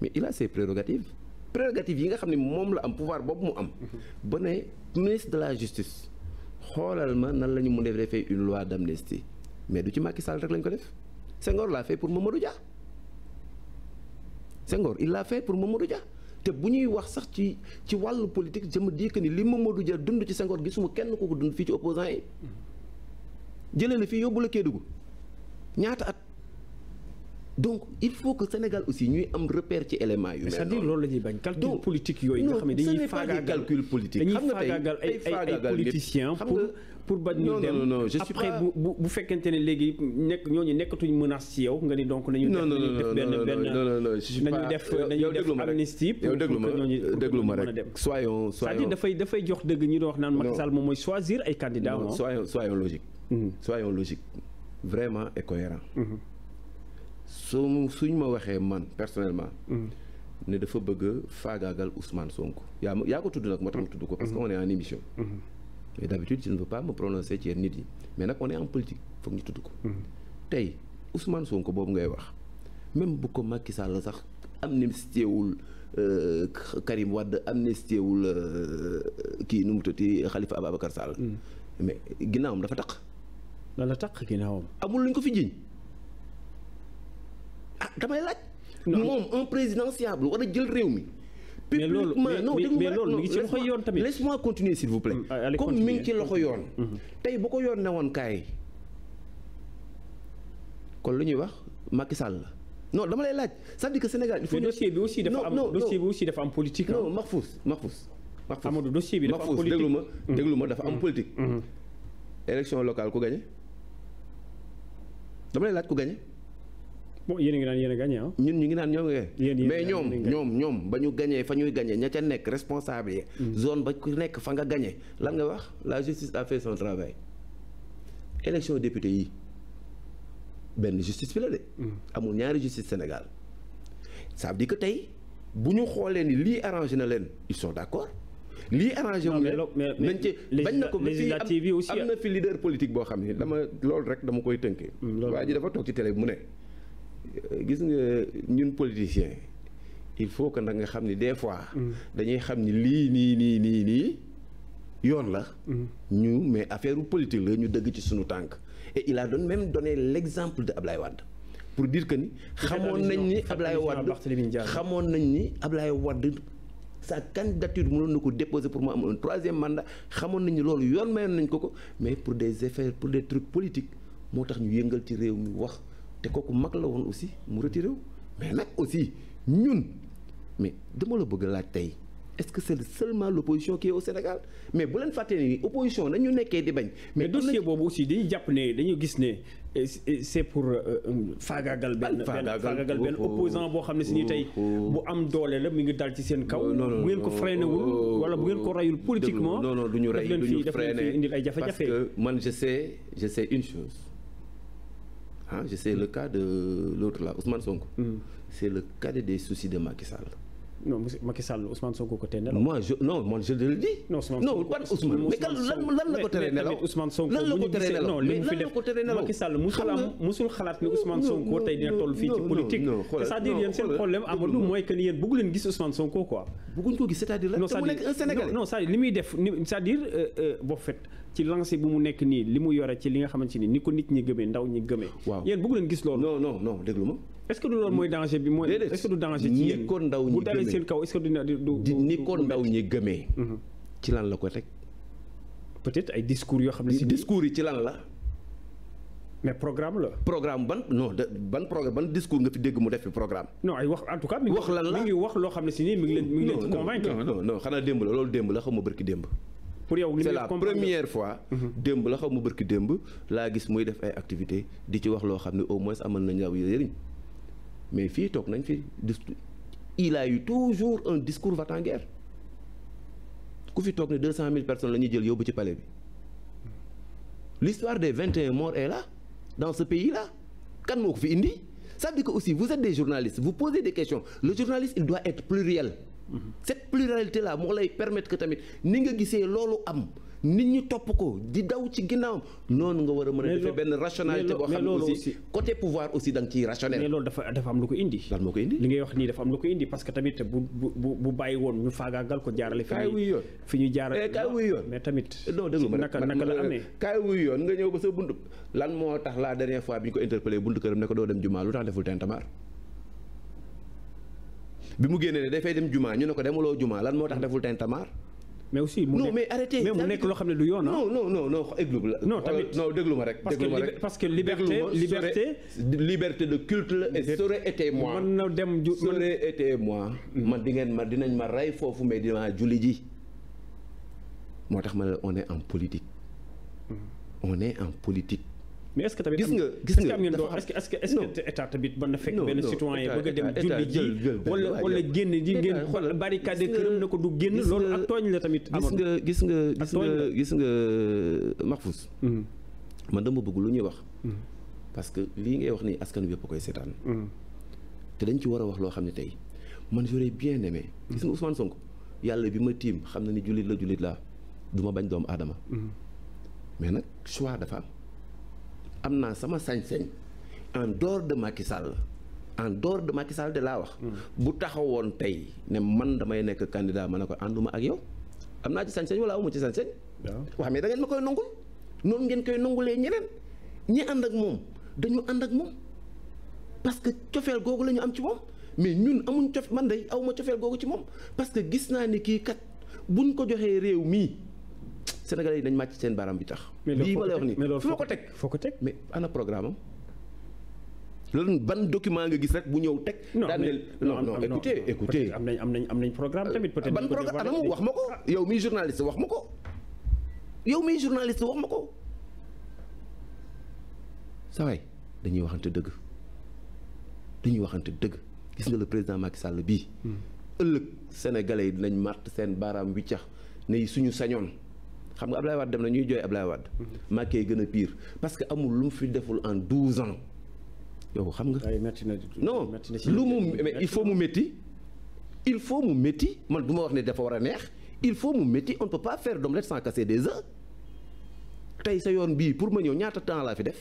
mais il a ses prérogatives prérogatives yi nga xam ne moom la am pouvoir boobu mu am hmm. ba ne ministre de la justice xoolal ma nan la ñu mun a defee une loi d'amnistie mais du ci Macky Sall rek lañ ko def Senghor l'a fait pour Mamadou Dia Senghor il l'a fait pour Mamadou Dia te bu ñuy wax sax ci ci wàllu politique je me ni li Mamadou ja dund ci Senghor gisuma kenn ko ko dund fii ci opposant yi jëlee la fii yóbbu la Kédougou ñaata at donc il faut que Sénégal aussi ñuy am repère ci éléments yu mel noonu. cest nga xam ne dañuy faagaagal calcul politique. xam nga tey ay ay politiciens pour. pour bañ ñu dem non après bu bu fekkente ne léegi nekk ñooñu nekkatuñ mën menace ci yow nga ni donc nañu. def nañu def benn benn nañu def nañu def amnistie. yow déglu ma rek déglu ma rek soyons soyons cest dafay dafay jox dëgg ñi doon wax naan Macky Sall moom mooy choisir ay candidats. non soyons soyons logique. Mhm. soyons logique vraiment et cohérent. Mhm. su suñ ma waxee man personnellement. Mhm. ne dafa bëgg faagaagal Ousmane Sonko yaa yaa ko tudd nag moo tax ma tudd ko. parce que on est mais d'habitude je ne veux pas me prononcer ci nit yi mais nag on est en politique foog ñu tudd ko. Hmm. tey Ousmane Sonko boobu ngay wax même bu ko Macky Sall sax am amnistie wul euh, Karim Wade amnistie wul euh, kii nu mu tuddati Khalifa Ababacar hmm. mais ginnaawam dafa taq. lan la taq ginnaawam. amul luñ ko fi jiñ ah damay laaj. moom un président fiable war a jël réew mi. publiquement non dégg nga loolu mi ngi yoon tamit laisse-moi continuer s'il vous plaît. Mm, comme mi ngi ci loxo yoon. Mm-hmm. Mm-hmm. tey boo ko yoon ne woon kaay. kon lu ñuy wax Macky Sall la non dama lay laaj c'est-à-dire que Sénégal. il faut dossier bi aussi dafa am dossier bi aussi dafa am politique non Mahfous Mahfous. Mahfous bi dafa am politique déglu ma mm-hmm. déglu ma dafa am politique. élection locale ku gagné dama lay laaj ku gagné. yéen a ngi naan yéen a ah. ñun ñu ngi naan ñoo ngi mais ñoom ñoom ñoom ba ñu gagné fa ñuy gañee ña ca nekk responsable yi. Mm. zone ba ku nekk fa nga gañee lan nga wax la justice a fait son travail. élection député yi benn justice bi la de. Mm. amul ñaari justice Sénégal ça veut dire tey bu ñu xoolee ni lii arrangé na leen ils sont d'accord. lii arrangé wu mais nañ ci bañ na ko politique boo xam ne dama loolu rek dama koy tënkee. Mm, waa ji dafa toog ci télé mu ne. gis nga ñun politiciens il faut que nag nga xam ni des fois. Mm. dañuy xam ni lii nii nii nii nii yoon la. Mm. ñu mais affaire politique la ñu dëgg ci suñu tànk. et il a doon même donné l'exemple de Ablaye Wade pour diir que ni. xamoon nañ ni Ablaye Wade xamoon nañ ni Ablaye Wade. sa kan candidature mënoon na ko déposer pour mu am un troisième mandat xamoon nañu loolu yoon mayoon nañ ko ko mais pour des affaires pour des trucs politiques moo tax ñu yëngal ci réew mi wax te kooku mag la woon aussi mu retiré mais nag aussi ñun mais dama la bëgg laaj tey est-ce que c'est seulement l'opposition qui est Sénégal mais bu leen fàttee ni opposition nañu nekkee di bañ. mais dossier boobu aussi dañuy jàpp ne dañu gis ne c'est pour euh, euh, faagaagal benn faagaagal benn oh, oh, opposant boo xam ne si ni tey oh, bu am doole la mi ngi dal ci seen kaw. bu ngeen ko freiné wul bu ngeen ko reyul politiquement. non non du ñu rey du ñu freiné daf leen fi indil ay jafe-jafe. man je sais ah je sais le cas de l'autre là Ousmane Sonko. Mm. c'est le cadet des soucis de Macky Sall. non monsieur Macky Sall Ousmane Sonko ko tee nelaw. mu mooy que yéen bëgg leen gis Ousmane ko mu nekk nii li mu yore ci li nga xamante ni ni ko nit ñi gëmee ndaw ñi gëmee. waaw yéen leen gis loolu. non non déglu ma est-ce que du loolu mooy danger bi mooy. est-ce que du danger ci yéen ñi ni ko ndaw ñi gëmee. Mm-hmm. ci lan la ko teg. peut-être ay discours yoo xam ne si. discours yi ci lan la. mais la. programme ban non de ban programme ban discours mu def fi programme. non ay wax en tout cas. wax lan la mi ngi wax loo xam ne si nii mi ngi leen mi ngi leen. convaincre non non non xanaa démb la loolu démb la xaw ma bërki démb. pour yow c'est la première fois. Mm-hmm. démb la xaw ma bërki démb laa gis muy def ay activités di ci wax loo xam ne au moins amal nañu aw yëriñ. mais fii toog nañ fi il a eu toujours un discours va-t-en-guerre ku fi toog ne deux cent mille personnes la ñuy jël yóbbu ci palais bi l'histoire des vingt et la morts est là dans ce pays là kan moo ko fi indi ça veut dire que aussi vous êtes des journalistes vous posez des questions le journaliste il doit être pluriel mm-hmm. cette pluralité là moo lay permettre ko tamit ni nga gisee loolu am nit ñi topp ko di daw ci ginnaawam noonu nga war a mën a benn rationalité boo xam ne aussi côté pouvoir aussi da ciy rationnel mais dafa dafa am lu ko indi lan li ngay wax nii dafa am lu ko indi parce tamit bu bàyyi woon ñu faagaagal ko jaarale fi yoon fi ñu jaarale eh, kaay wuy yoon mais tamit non déglu naka naka la amee eh, kaay wuy yoon nga ñëw lan moo tax la dernière fois bi ñu ko interpellé buntu këram ne ko doo dem jumaa lu tax deful tentamar bi mu génnee ne dem jumaa ñu ne ko demaloo jumaa lan moo tax deful tentamar mais aussi mu non mais arrêtez mais mu nekk loo xam ne du yoon ah. non non non non déglu non euh, ma rek. déglu ma parce que liberté liberté. liberté de culte la et serait été moi. mën na dem ju été moi. Hmm. man di ngeen ma dinañ ma rey foofu mais dinaa julli ji moo tax ma ne on est en politique. Hmm. on en politique. mais est-ce que tamit gis nga gis nga est-ce que est-ce que est-ce que état tamit mën na fekk benn citoyen bëgg a dem julli ji wala wala génn ji génn xool barricade këram na ko du génn loolu ak tooñ la tamit gis nga gis nga gis nga gis nga euh, Mahfouz mm-hmm. man dama bëgg lu ñuy wax mm-hmm. parce que lii ngay wax ni askan wi yëpp koy seetaan mm-hmm. te dañ ci war a wax loo xam ne tey man j'aurais bien aimé gis nga Ousmane Sonko yàlla bi ma tiim xam na ni jullit la jullit laa du ma bañ doomu aadama mais nag choix dafa am am naa sama sañ-sañ en dehors de Macky Sall en dor de Macky Sall de laa wax. Hmm. bu taxawoon tey ne man damay nekk candidat ma ne ko ànduma ak yow am naa ci sañ-sañ wala amuma ci sañ-sañ. waaw wax mais dangeen ma koy nangul noonu ngeen koy nangulee ñeneen ñi ànd ak moom dañu ànd ak moom parce que cofeel googu lañu am ci moom mais ñun amuñ cof man de awma cofeel googu ci moom parce que gis naa ne kii kat buñ ko joxee réew mii. Sénégalais yi dañ màcc seen baaraam bi tax. lii ma lay wax nii foo ko teg foo ko teg mais ana programme am. loolu ban document nga gis rek bu ñëw teg. daan ne non non écoutez écoutez. am nañ am nañ am nañ programme tamit peut-être. ban programme anamu wax ma ko ah. yow miy journaliste wax ma ko. yow miy journaliste wax ma ko. saa waay dañuy waxante dëgg dañuy waxante dëgg gis nga le président Macky Sall bii. Hmm. ëllëg sénégalais yi dinañ màtt seen baaraam wiccax ne suñu sañoon. xam nga Ablaye Wade dem na ñuy jooy Ablaye Wade. Mm-hmm. Macky gën a pire parce que amul lu mu fi deful en douze ans. yow xam nga. non lu mu il faut mu métti. il faut mu métti man du ma wax ne dafa war a neex il faut mu métti on pa peut pas faire d'omelette sans casser des œufs tey sa yoon bii pour ma ñëw ñaata temps laa fi def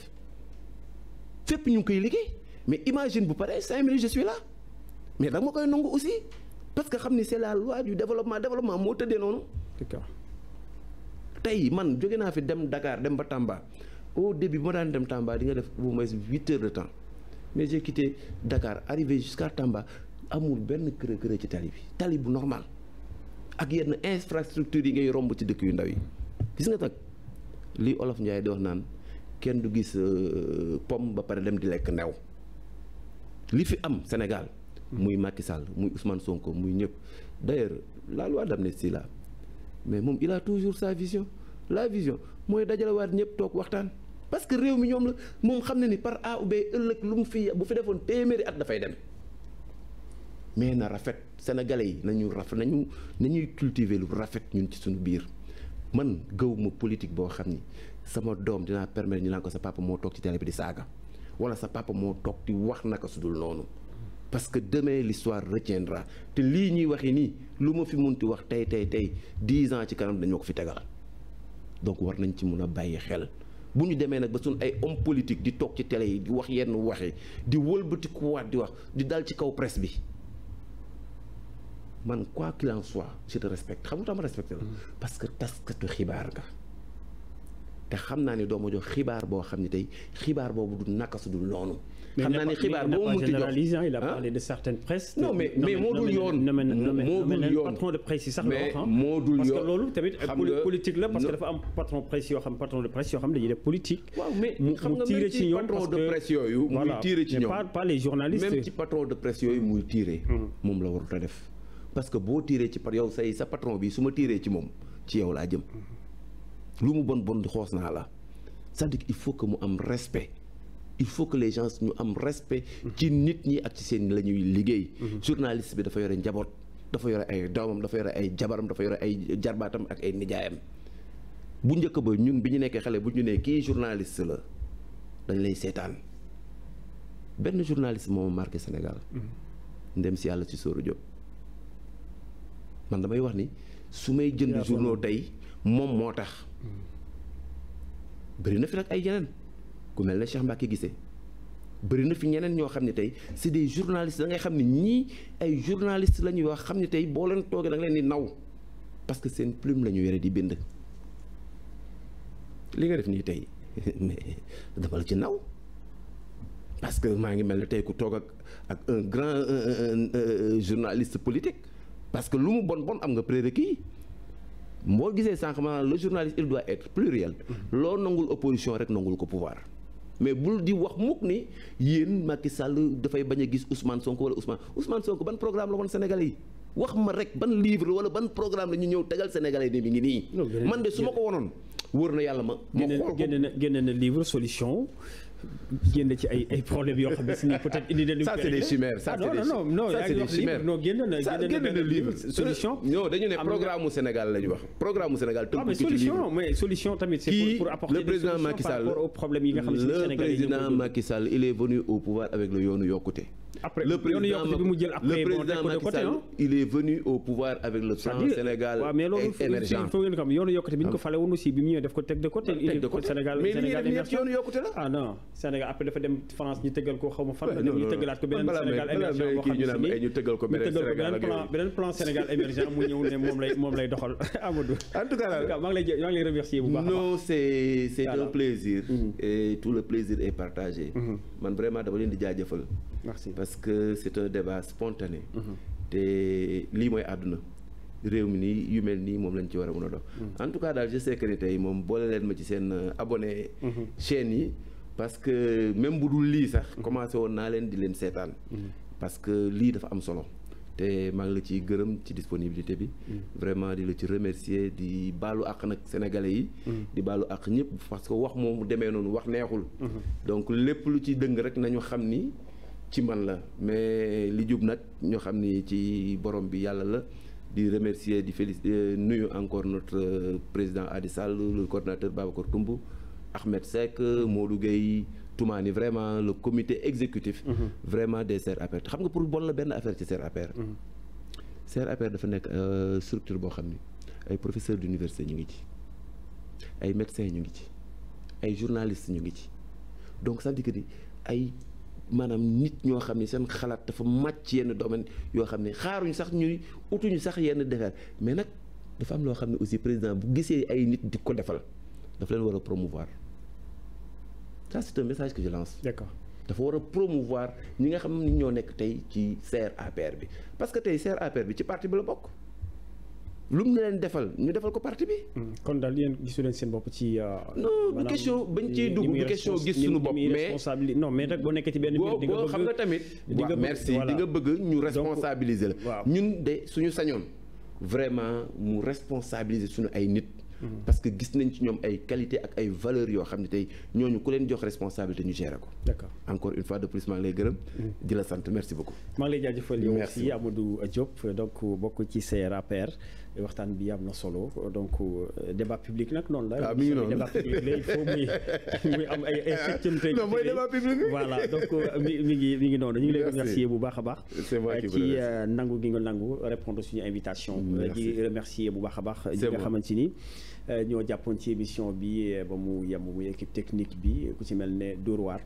fépp ñu ngi koy liggéey mais imagine bu paree cinq minutes je la là mais da koy nangu aussi parce que xam ni c'est la loi du développement développement moo tëddee noonu. tey man jóge naa fi dem dakaar dem ba Tamba au début ba ma daan dem Tamba di nga def au moins huit heures de temps mais j'ai quitté Dakar arrivé jusqu'à Tamba amul benn kërë kërë ci tali bi tali bu normal ak yenn infrastructure yi ngay romb ci dëkk yu ndaw yi gis nga nag li Olof Ndiaye di wax naan kenn du gis euh, pomme ba pare dem di lekk new li fi am Sénégal muy Macky Sall muy usman sonk muy ñëpp d'ailleurs la loi d'amnistie là mais moom il toujours sa vision la vision mooy dajalewaat waat ñëpp toog waxtaan parce que réew mi ñoom la moom xam ne ni par A ou ëllëg lu mu fi bu fi defoon téeméeri at dafay dem mais na rafet sénégalais yi nañu rafet nañu nañuy cultiver lu rafet ñun ci suñu biir man gëw ma politique boo xam ni sama doom dinaa permettre ñu naan ko sa papa moo toog ci télé bi di saaga wala sa papa moo toog di wax naka su dul noonu parce que demain l'histoire retiendra te lii ñuy waxi nii lu ma fi munti wax tey tey tey dix ans ci kanam dañoo ko fi tegal donc war nañ ci mun a bàyyi xel bu ñu demee nag ba suñ ay homme politique di toog ci télé yi di wax yenn waxi di wëlbati kuwaat di wax di dal ci kaw presse bi man quoi qu'il en soit je te respecte xam nga ma respecté la mm. parce que taskatu xibaar nga te xam naa ne doo ma jox xibaar boo xam ne tey xibaar boobu du naka su dul noonu xam naa ne xibaar boo munti jox il a parlé de certaines presses. non mais mais moo dul yoon moo dul yoon patron de presse yi sax mais moo dul yoon parce que loolu tamit politique la parce que dafa am patron presse yoo xam patron de presse yoo xam dañuy def politique. waaw mais xam nga même ci patron de presse yooyu. muy tiire ci ñoom pas pas les journalistes. même ci patron de presse yooyu muy tiire. Hmm. moom la warut a def parce que boo tiiree ci par yow say sa patron bi su ma tiiree ci moom ci yow laa jëm. Hmm. lu mu bon bon xoos naa la c'est-à-dire il faut que mu am respect. il faut que les gens ñu am respect ci nit ñi ak ci seen la ñuy liggéey journaliste bi dafa yore njaboot dafa yore ay doomam dafa yore ay jabaram dafa yore ay jarbaatam ak ay nijaayam bu njëkk ba ñun bi ñu nekkee xale bu ñu nee kii journaliste la dañ lay seetaan benn journaliste moom ma marqué Sénégal ndem si àll si Soro Diop man damay wax ni su may jënd journaux tey moom moo tax bëri fi nag ay yeneen ku mel ne Cheikh Mbacke Guissé bëri na fi ñeneen ñoo xam ne tey c'est des journalistes da ngay xam ne ñii ay journalistes la ñuy wax xam ne tey boo leen toogee da leen di naw parce que seen plume la ñu yore di bind. li nga def nii tey (laughs) mais dama la ci naw parce que maa ngi mel ne tey ku toog ak ak un grand journaliste politique parce que lu mu bon bon am nga prérequis moo gisee sànq maanaam le journaliste il doit être pluriel. Mm-hmm. loo nangul opposition rek nangul ko pouvoir. mais bul di wax mukk ni yéen Macky sàll dafay bañ a gis Ousmane Sonko wala Ousmane Ousmane Sonko ban programme la woon Sénégalais yi wax ma rek ban livre wala ban programme la ñu ñëw tegal Sénégalais yi mi ngi nii. man de su ma ko wonoon wóor na yàlla ma. ma xool ko na génne na livre solution. génn ci ay ay problèmes yoo xam ne si peut être indi na. ça c'est des chimères ça ah, c'est des non non non génn na génn na livre solution. Euh, non dañu ne programme Sénégal la ñu programme mu Sénégal. tënku ah, ci livre mais solution mais solution pour apporter des solutions par rapport yi nga xam au pouvoir avec le yoonu yokkute. après le président le président Macky Sall il est venu au pouvoir le plan Sénégal émergent il faut ngeen xam yoonu yokkute bi ñu ko ah. fale woon aussi bi mu yoonu yokkute la ah non Sénégal après dafa dem France ñu tëggal ko xaw ma fan ñu tëggalaat ko beneen plan Sénégal émergent mu ñëw ne moom lay doxal (laughs) Amadou en tout cas maa maa ngi lay remercier bu baax non mm-hmm. mm-hmm. man vraiment dama leen di jaajëfal merci parce que c'est un débat spontané. Mhm. te lii mooy àdduna. réew mi nii yu mel nii moom lañ ci war a mën a dox. Mhm. en tout cas daal je sais que moom boole leen ma ci seen euh, abonné. Mhm. chaîne yi parce que même bu dul lii sax. commencé woon naa leen di leen seetaan. parce que lii dafa am solo. te maa la ciy gërëm ci disponibilité bi. vraiment di la ci remercier di baalu àq nag sénégalais yi. di baalu àq ñëpp parce que wax moom demee noonu wax neexul. donc lépp lu ci dëng rek ci man la mais li jub nag ñoo xam ni ci borom bi yàlla la di remercier di féliciter nuyu encore notre euh, président Adi Sall le coordonnateur Babacar Toumb Ahmed Seck Modou Gueye Toumani vraiment le comité exécutif mm-hmm. vraiment des serre APR xam nga pour bon la benn affaire ci serre APR mm-hmm. serre APR dafa nekk euh, structure boo xam ni ay professeurs d'université ñu ngi ci ay médecins ñu ngi ci ay journalistes ñu ngi ci donc ça veut dire que ay maanaam nit ñoo xam ne seen xalaat dafa màcc yenn domaine yoo xam ne xaaruñu sax ñuy utuñu sax yenn defar mais nag dafa am loo xam ne aussi président bu gisee ay nit di ko defal daf leen war a promouvoir ça c'est un message que je lance. dafa war a promouvoir ñi nga xam ni ñoo nekk tey ci serre APR bi parce que tey serre APR bi ci parti bi la bokk. lu mu leen defal ñu defal ko parti bi. Hmm. kon daal yéen gisu leen seen bopp ci. Euh, non du question bañ ciy dugg du question gis suñu bopp. mais non mais nag boo nekkee ci benn mbir di nga bëgg xam nga tamit. di nga merci di nga bëgg ñu responsabiliser la. ñun de suñu sañoon vraiment mu responsabiliser suñu ay nit. Hmm. parce que gis nañ ci ñoom ay qualité ak ay valeurs yoo xam ne tey ñooñu ku leen jox responsabilité ñu gérer ko. d'accord encore une fois de plus maa lay gërëm. Hmm. di la sant merci beaucoup. maa ngi lay jaajëfal yow aussi Amadou Diop donc bokk ci CRAPR. waxtaan bi am na solo donc euh, débat public nag noonu la. Ah, mi ngi noonu débat public (laughs) muy am ay ay xëccante. non mooy débat public (laughs) euh, mi ngi mi ngi noonu ñu ngi lay remercier bu baax a baax. Euh, ci nangu gi nga nangu répondre suñu invitation. di remercier bu baax a baax. ñi nga xamante ni. Euh, ñoo jàppoon ci émission bi euh, ba mu yem muy équipe technique bi ku ci mel ne Dóor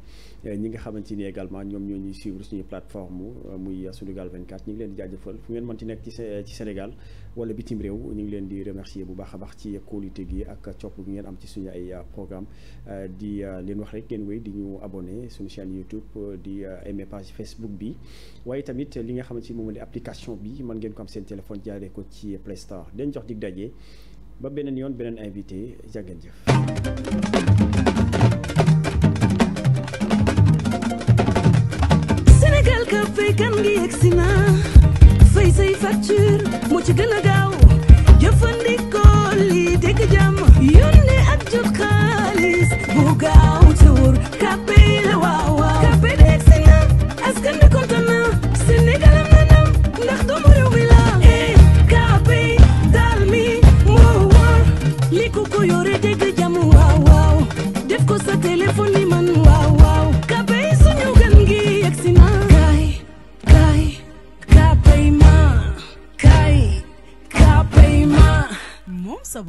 euh, ñi nga xamante ni également ñoom ñoo ñuy suivre suñu plateforme muy Sunugal 24 ñu ngi leen di jaajëfal fu ngeen mën ci nekk ci ci Sénégal wala bitim réew ñu ngi leen di remercier bu baax a baax ci kóolute gi ak copp gi ngeen am ci suñu ay programme di leen wax rek ngeen wéy di ñu abonné suñu chaîne YouTube di ay aimer page Facebook bi waaye tamit li nga xamante ni moom di application bi ko am seen téléphone jaaree ko ci Play Store jox dig daje. ba beneen yoon beneen invité jàngeen jëf Sénégal ka fay kan ngi yegsi na fay say facture moo ci gën a gaaw jëfandikoo lii dégg jàmm yónnee ak jot xaalis bu gaaw te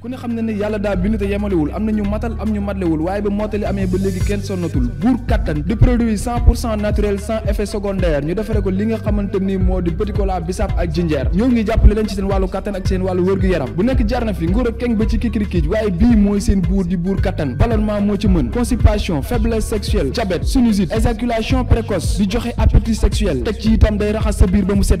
ku ne xam na ne yàlla daa bind te yemalewul am na ñu matal am ñu matlewul waaye ba mottali amee ba léegi kenn sonnatul buur kattan di produit naturel sans effet secondaire ñu defare ko li nga xamante ni moo di petit cola bisaab ak jinjeer ñoo ngi jàppale leen ci seen wàllu kattan ak seen wàllu wërgu-yaram bu nekk jar na fi nguur ak keng ba ci kikirikiij waaye bii mooy seen buur di buur kattan ballonnement moo ci mën constipation faiblesse sexuelle diabète sinusite éjaculation précoce di joxe appétit sexuel teg ci itam day raxas sa biir ba mu set